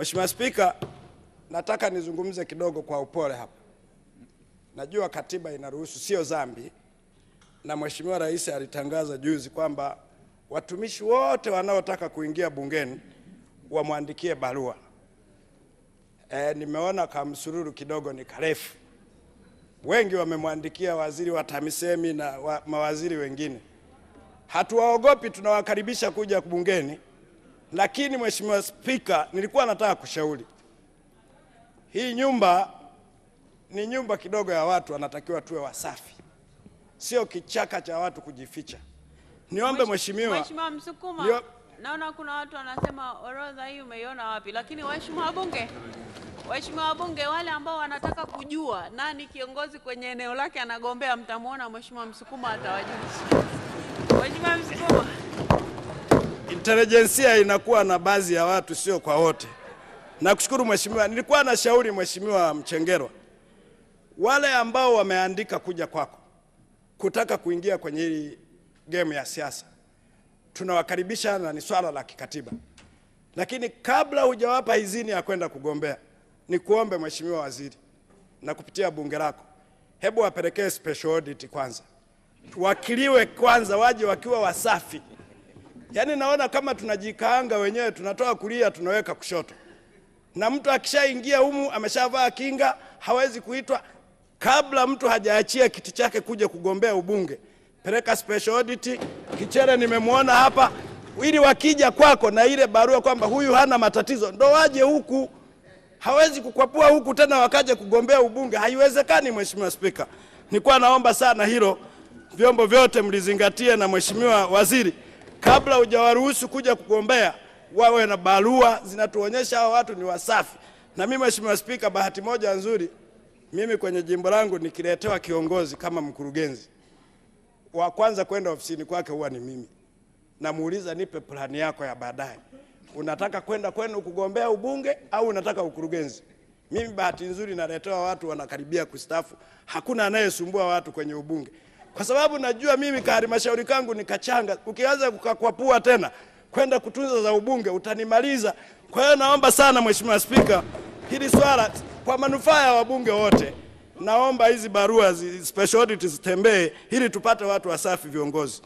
Mheshimiwa Spika, nataka nizungumze kidogo kwa upole hapa. Najua katiba inaruhusu, sio dhambi, na Mheshimiwa Rais alitangaza juzi kwamba watumishi wote wanaotaka kuingia bungeni wamwandikie barua. E, nimeona kamsururu kidogo ni karefu, wengi wamemwandikia waziri wa TAMISEMI na wa, mawaziri wengine. Hatuwaogopi, tunawakaribisha kuja bungeni lakini Mheshimiwa Spika, nilikuwa nataka kushauri hii nyumba ni nyumba kidogo ya watu, wanatakiwa tuwe wasafi, sio kichaka cha watu kujificha. Niombe mheshimiwa, Mheshimiwa Msukuma, niom... naona kuna watu wanasema orodha hii umeiona wapi? Lakini waheshimiwa wabunge, waheshimiwa wabunge, wale ambao wanataka kujua nani kiongozi kwenye eneo lake anagombea, mtamwona Mheshimiwa Msukuma atawajulisha. Mheshimiwa intelijensia inakuwa na baadhi ya watu, sio kwa wote. Nakushukuru mheshimiwa. Nilikuwa na shauri mheshimiwa Mchengerwa, wale ambao wameandika kuja kwako kutaka kuingia kwenye hili game ya siasa, tunawakaribisha na ni swala la kikatiba, lakini kabla hujawapa idhini ya kwenda kugombea, nikuombe mheshimiwa waziri na kupitia bunge lako, hebu wapelekee special audit kwanza, wakiliwe kwanza, waje wakiwa wasafi. Yaani naona kama tunajikaanga wenyewe, tunatoa kulia tunaweka kushoto, na mtu akishaingia humu ameshavaa kinga, hawezi kuitwa. Kabla mtu hajaachia kiti chake kuja kugombea ubunge, peleka special audit. Kichere nimemwona hapa, ili wakija kwako na ile barua kwamba huyu hana matatizo, ndo waje huku. Hawezi kukwapua huku tena wakaje kugombea ubunge, haiwezekani. Mheshimiwa Spika, nilikuwa naomba sana hilo, vyombo vyote mlizingatie na mheshimiwa waziri kabla hujawaruhusu kuja kugombea wawe na barua zinatuonyesha hawa watu ni wasafi. Na mimi Mheshimiwa Spika, bahati moja nzuri, mimi kwenye jimbo langu nikiletewa kiongozi kama mkurugenzi, wa kwanza kwenda ofisini kwake huwa ni mimi, namuuliza nipe plani yako ya baadaye, unataka kwenda kwenu kugombea ubunge au unataka ukurugenzi? Mimi bahati nzuri naletewa watu wanakaribia kustafu, hakuna anayesumbua watu kwenye ubunge kwa sababu najua mimi kahalmashauri kangu ni kachanga. Ukianza kukakwapua tena kwenda kutunza za ubunge utanimaliza. Kwa hiyo naomba sana Mheshimiwa Spika, hili swala kwa manufaa ya wabunge wote, naomba hizi barua special audit zitembee ili tupate watu wasafi viongozi.